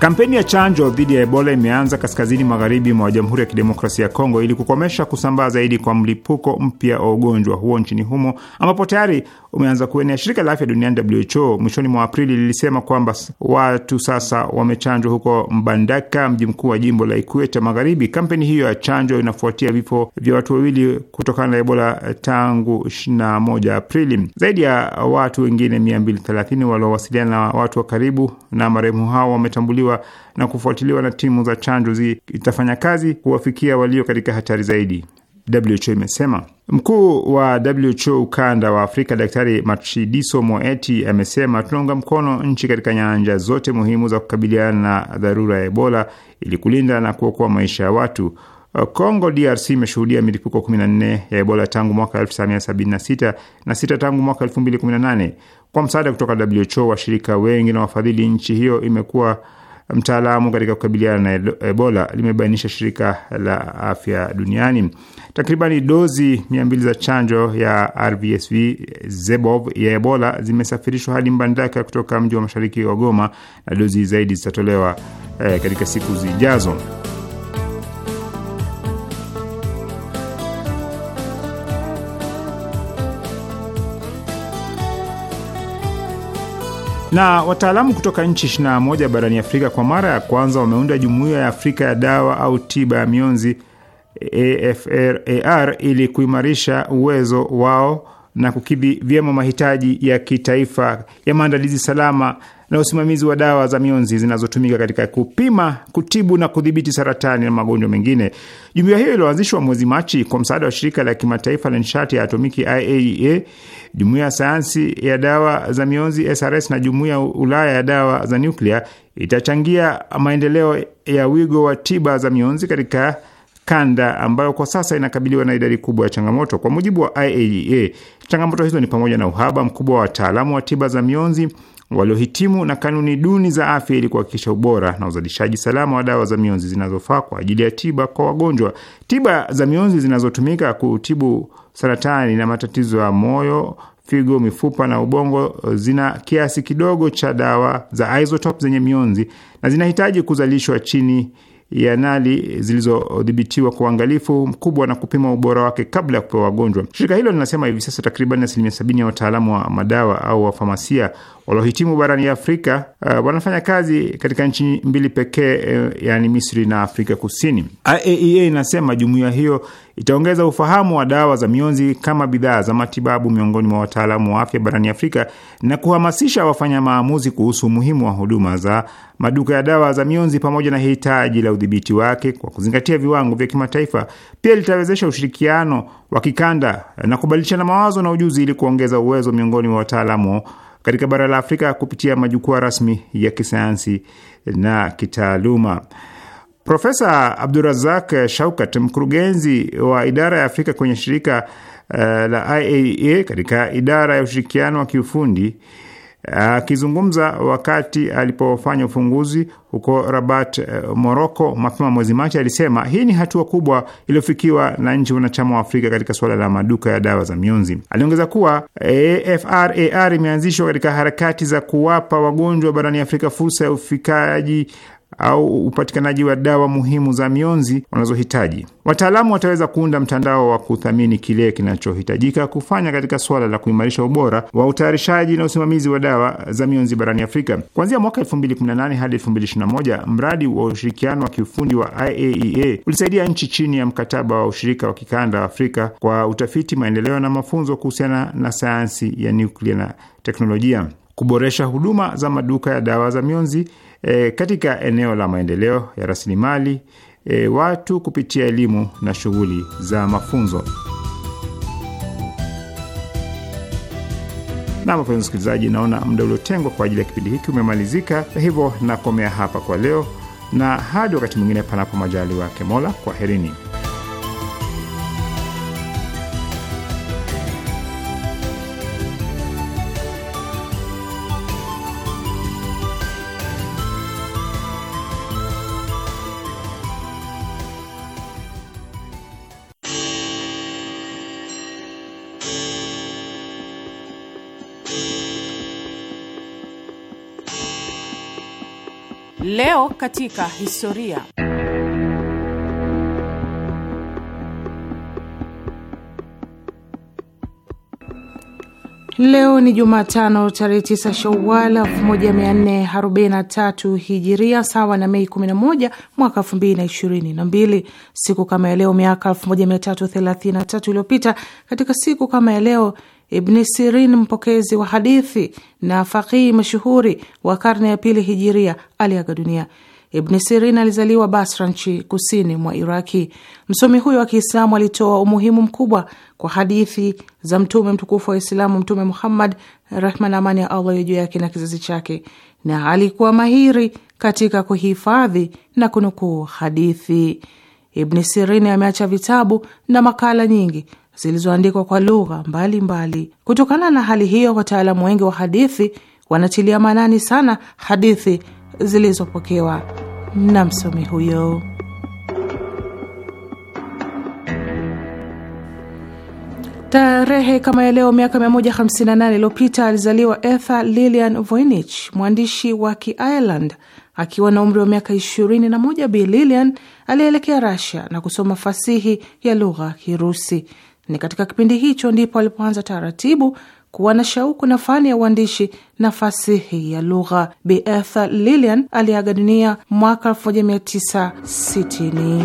Kampeni ya chanjo dhidi ya Ebola imeanza kaskazini magharibi mwa Jamhuri ya Kidemokrasia ya Kongo ili kukomesha kusambaa zaidi kwa mlipuko mpya wa ugonjwa huo nchini humo ambapo tayari umeanza kuenea. Shirika la Afya Duniani WHO mwishoni mwa Aprili lilisema kwamba watu sasa wamechanjwa huko Mbandaka, mji mkuu wa jimbo la ikueta Magharibi. Kampeni hiyo ya chanjo inafuatia vifo vya watu wawili kutokana na Ebola tangu 21 Aprili. Zaidi ya watu wengine 230 waliowasiliana na watu wa karibu na marehemu hao wametambuliwa kutambuliwa na kufuatiliwa na timu za chanjo zitafanya kazi kuwafikia walio katika hatari zaidi, WHO imesema. Mkuu wa WHO ukanda wa Afrika Daktari Matshidiso Moeti amesema tunaunga mkono nchi katika nyanja zote muhimu za kukabiliana na dharura ya Ebola ili kulinda na kuokoa maisha ya watu. Congo DRC imeshuhudia milipuko 14 ya Ebola tangu mwaka 1976 na sita tangu mwaka 2018. Kwa msaada kutoka WHO, washirika wengi na wafadhili, nchi hiyo imekuwa mtaalamu katika kukabiliana na Ebola, limebainisha shirika la afya duniani. Takribani dozi mia mbili za chanjo ya RVSV ZEBOV ya Ebola zimesafirishwa hadi Mbandaka kutoka mji wa mashariki wa Goma, na dozi zaidi zitatolewa eh, katika siku zijazo. Na wataalamu kutoka nchi 21 barani Afrika kwa mara ya kwanza wameunda jumuiya ya Afrika ya dawa au tiba ya mionzi AFRAR ili kuimarisha uwezo wao na kukidhi vyema mahitaji ya kitaifa ya maandalizi salama na usimamizi wa dawa za mionzi zinazotumika katika kupima, kutibu na kudhibiti saratani na magonjwa mengine. Jumuiya hiyo iliyoanzishwa mwezi Machi kwa msaada wa shirika la kimataifa la nishati ya atomiki IAEA, e, jumuiya ya sayansi ya dawa za mionzi SRS na jumuiya ya Ulaya ya dawa za nuklia itachangia maendeleo ya wigo wa tiba za mionzi katika kanda ambayo kwa sasa inakabiliwa na idadi kubwa ya changamoto. Kwa mujibu wa IAEA, e, Changamoto hizo ni pamoja na uhaba mkubwa wa wataalamu wa tiba za mionzi waliohitimu na kanuni duni za afya ili kuhakikisha ubora na uzalishaji salama wa dawa za mionzi zinazofaa kwa ajili ya tiba kwa wagonjwa. Tiba za mionzi zinazotumika kutibu saratani na matatizo ya moyo, figo, mifupa na ubongo zina kiasi kidogo cha dawa za isotope zenye mionzi na zinahitaji kuzalishwa chini ya nali zilizodhibitiwa kwa uangalifu mkubwa na kupima ubora wake kabla ya kupewa wagonjwa. Shirika hilo linasema hivi sasa takriban asilimia sabini ya wataalamu wa madawa au wafamasia waliohitimu barani ya Afrika uh, wanafanya kazi katika nchi mbili pekee, uh, yani Misri na Afrika Kusini. IAEA e inasema jumuiya hiyo itaongeza ufahamu wa dawa za mionzi kama bidhaa za matibabu miongoni mwa wataalamu wa afya barani Afrika na kuhamasisha wafanya maamuzi kuhusu umuhimu wa huduma za maduka ya dawa za mionzi pamoja na hitaji la udhibiti wake kwa kuzingatia viwango vya kimataifa. Pia litawezesha ushirikiano wa kikanda na kubadilishana mawazo na ujuzi ili kuongeza uwezo miongoni mwa wataalamu katika bara la Afrika kupitia majukwaa rasmi ya kisayansi na kitaaluma. Profesa Abdurazak Shaukat, mkurugenzi wa idara ya Afrika kwenye shirika uh, la IAEA katika idara ya ushirikiano wa kiufundi eh, akizungumza uh, wakati alipofanya ufunguzi huko Rabat, uh, eh, Moroko mapema mwezi Machi, alisema hii ni hatua kubwa iliyofikiwa na nchi wanachama wa Afrika katika suala la maduka ya dawa za mionzi. Aliongeza kuwa AFRAR imeanzishwa katika harakati za kuwapa wagonjwa barani Afrika fursa ya ufikaji au upatikanaji wa dawa muhimu za mionzi wanazohitaji. Wataalamu wataweza kuunda mtandao wa kuthamini kile kinachohitajika kufanya katika suala la kuimarisha ubora wa utayarishaji na usimamizi wa dawa za mionzi barani Afrika. Kuanzia mwaka 2018 hadi 2021, mradi wa ushirikiano wa kiufundi wa IAEA e ulisaidia nchi chini ya mkataba wa ushirika wa kikanda wa Afrika kwa utafiti, maendeleo na mafunzo kuhusiana na sayansi ya nuklia na teknolojia, kuboresha huduma za maduka ya dawa za mionzi e, katika eneo la maendeleo ya rasilimali e, watu kupitia elimu na shughuli za mafunzo. Na wapenzi msikilizaji, naona muda uliotengwa kwa ajili ya kipindi hiki umemalizika, hivyo nakomea hapa kwa leo, na hadi wakati mwingine, panapo majali wake Mola, kwaherini. Leo katika historia. Leo ni Jumatano tarehe 9 Shawal 1443 Hijiria, sawa na Mei 11 mwaka 2022. Siku kama ya leo miaka 1333 iliyopita, katika siku kama ya leo Ibni Sirin, mpokezi wa hadithi na fakihi mashuhuri wa karne ya pili hijiria, aliaga dunia. Ibni Sirin alizaliwa Basra, nchi kusini mwa Iraki. Msomi huyo wa Kiislamu alitoa umuhimu mkubwa kwa hadithi za mtume mtukufu wa Islamu, Mtume Muhammad, rehma na amani ya Allah juu yake na kizazi chake, na alikuwa mahiri katika kuhifadhi na kunukuu hadithi. Ibni sirin ameacha vitabu na makala nyingi zilizoandikwa kwa lugha mbalimbali. Kutokana na hali hiyo, wataalamu wengi wa hadithi wanatilia maanani sana hadithi zilizopokewa na msomi huyo. Tarehe kama ya leo miaka 158 iliyopita alizaliwa Ethel Lillian Voynich, mwandishi wa Kiireland. Akiwa na umri wa miaka 21, Bi Lillian alielekea Russia na kusoma fasihi ya lugha Kirusi. Ni katika kipindi hicho ndipo alipoanza taratibu kuwa na shauku na fani ya uandishi na fasihi ya lugha. Bi Ethel aliaga dunia mwaka 1960.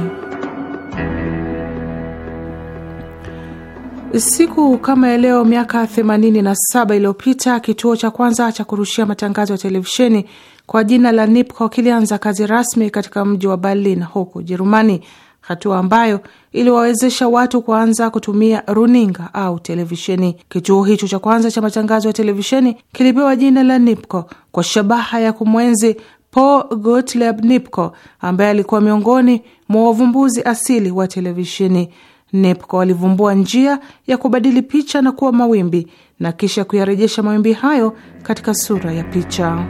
Siku kama ya leo miaka 87 iliyopita, kituo cha kwanza cha kurushia matangazo ya televisheni kwa jina la Nipco kilianza kazi rasmi katika mji wa Berlin huko Ujerumani hatua ambayo iliwawezesha watu kuanza kutumia runinga au televisheni. Kituo hicho cha kwanza cha matangazo ya televisheni kilipewa jina la Nipco kwa shabaha ya kumwenzi Paul Gottlieb Nipko ambaye alikuwa miongoni mwa wavumbuzi asili wa televisheni. Nipko alivumbua njia ya kubadili picha na kuwa mawimbi na kisha kuyarejesha mawimbi hayo katika sura ya picha.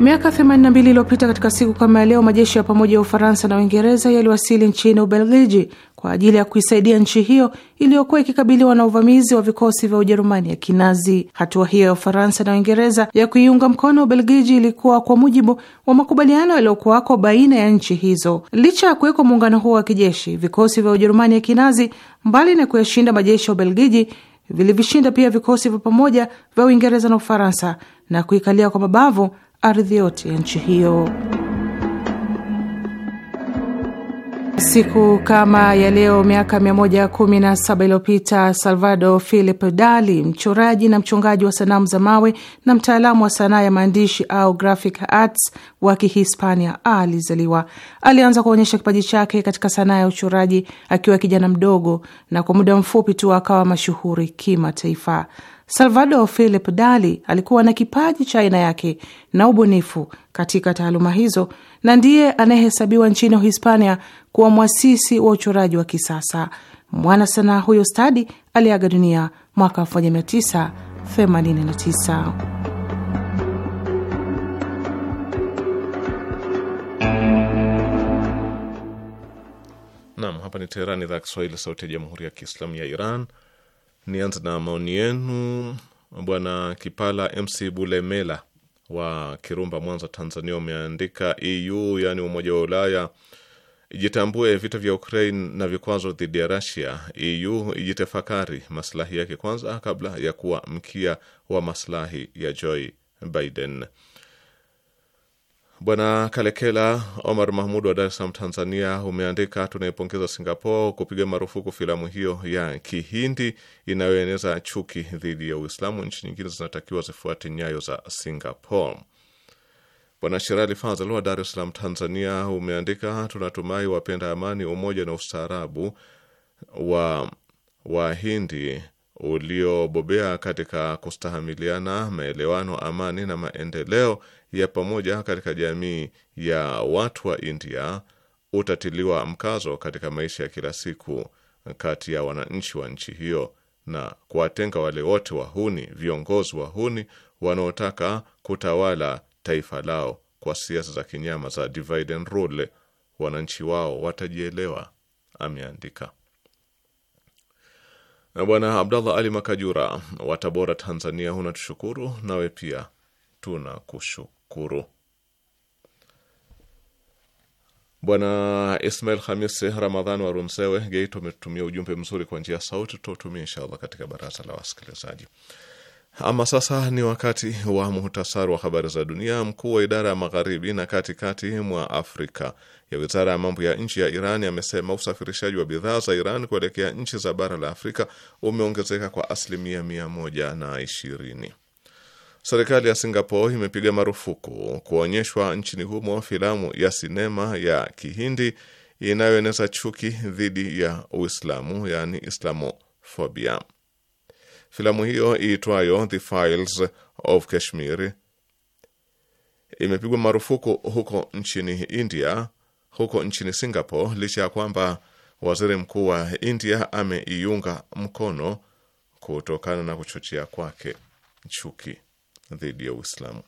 Miaka 82 iliyopita katika siku kama ya leo, majeshi ya pamoja ya Ufaransa na Uingereza yaliwasili nchini Ubelgiji kwa ajili ya kuisaidia nchi hiyo iliyokuwa ikikabiliwa na uvamizi wa vikosi vya Ujerumani ya Kinazi. Hatua hiyo ya Ufaransa na Uingereza ya kuiunga mkono Ubelgiji ilikuwa kwa mujibu wa makubaliano yaliyokuwako baina ya nchi hizo. Licha ya kuwekwa muungano huo wa kijeshi, vikosi vya Ujerumani ya Kinazi, mbali na kuyashinda majeshi ya Ubelgiji, vilivishinda pia vikosi vya pamoja vya Uingereza na Ufaransa na kuikalia kwa mabavu ardhi yote ya nchi hiyo. Siku kama ya leo miaka 117 iliyopita Salvador Philip Dali, mchoraji na mchongaji wa sanamu za mawe na mtaalamu wa sanaa ya maandishi au graphic arts wa Kihispania alizaliwa. Alianza kuonyesha kipaji chake katika sanaa ya uchoraji akiwa kijana mdogo, na kwa muda mfupi tu akawa mashuhuri kimataifa. Salvador Philip Dali alikuwa na kipaji cha aina yake na ubunifu katika taaluma hizo na ndiye anayehesabiwa nchini Hispania kuwa mwasisi wa uchoraji wa kisasa. Mwana sanaa huyo stadi aliaga dunia mwaka 1989. nam hapa ni Teherani, idhaa Kiswahili, sauti ya jamhuri ya kiislamu ya Iran. Nianze na maoni yenu. Bwana Kipala MC Bulemela wa Kirumba, Mwanza, Tanzania, umeandika EU, yaani Umoja wa Ulaya ijitambue vita vya Ukraine na vikwazo dhidi ya Russia. EU ijitafakari maslahi yake kwanza kabla ya kuwa mkia wa maslahi ya Joe Biden. Bwana Kalekela Omar Mahmud wa Dar es Salaam, Tanzania, umeandika tunaipongeza Singapore kupiga marufuku filamu hiyo ya Kihindi inayoeneza chuki dhidi ya Uislamu. Nchi nyingine zinatakiwa zifuate nyayo za Singapore. Bwana Sherali Fazal wa Dar es Salaam, Tanzania, umeandika tunatumai wapenda amani, umoja na ustaarabu wa Wahindi uliobobea katika kustahamiliana, maelewano, amani na maendeleo ya pamoja katika jamii ya watu wa India utatiliwa mkazo katika maisha ya kila siku kati ya wananchi wa nchi hiyo na kuwatenga wale wote wahuni, viongozi wahuni wanaotaka kutawala taifa lao kwa siasa za kinyama za divide and rule. Wananchi wao watajielewa, ameandika Bwana Abdallah Ali Makajura wa Tabora, Tanzania. Hunatushukuru, nawe pia tunakushukuru. Kuru. Bwana Ismail Hamis Ramadhan wa Geito umetumia ujumbe mzuri kwa njia sauti, tutautumia inshallah katika baraza la wasikilizaji. Ama sasa ni wakati wa muhtasari wa habari za dunia. Mkuu wa idara ya magharibi na katikati mwa Afrika ya wizara ya mambo ya nchi ya Iran amesema usafirishaji wa bidhaa za Iran kuelekea nchi za bara la Afrika umeongezeka kwa asilimia mia moja na ishirini. Serikali ya Singapore imepiga marufuku kuonyeshwa nchini humo filamu ya sinema ya Kihindi inayoeneza chuki dhidi ya Uislamu, yani Islamofobia. Filamu hiyo iitwayo The Files of Kashmir imepigwa marufuku huko nchini India, huko nchini Singapore, licha ya kwamba waziri mkuu wa India ameiunga mkono kutokana na kuchochea kwake chuki dhidi ya Uislamu.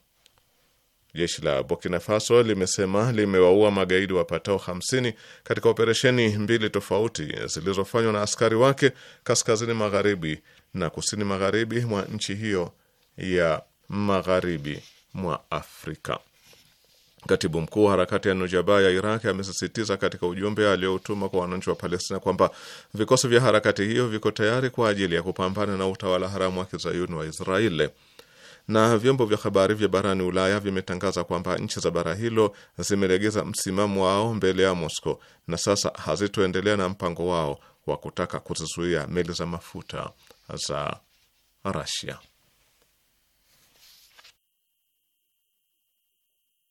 Jeshi la Burkina Faso limesema limewaua magaidi wapatao 50 katika operesheni mbili tofauti zilizofanywa na askari wake kaskazini magharibi na kusini magharibi mwa nchi hiyo ya magharibi mwa Afrika. Katibu mkuu wa harakati ya Nujaba ya Iraq amesisitiza katika ujumbe aliyoutuma kwa wananchi wa Palestina kwamba vikosi vya harakati hiyo viko tayari kwa ajili ya kupambana na utawala haramu wa kizayuni wa Israeli na vyombo vya habari vya barani Ulaya vimetangaza kwamba nchi za bara hilo zimelegeza msimamo wao mbele ya Moscow na sasa hazitoendelea na mpango wao wa kutaka kuzizuia meli za mafuta za Russia.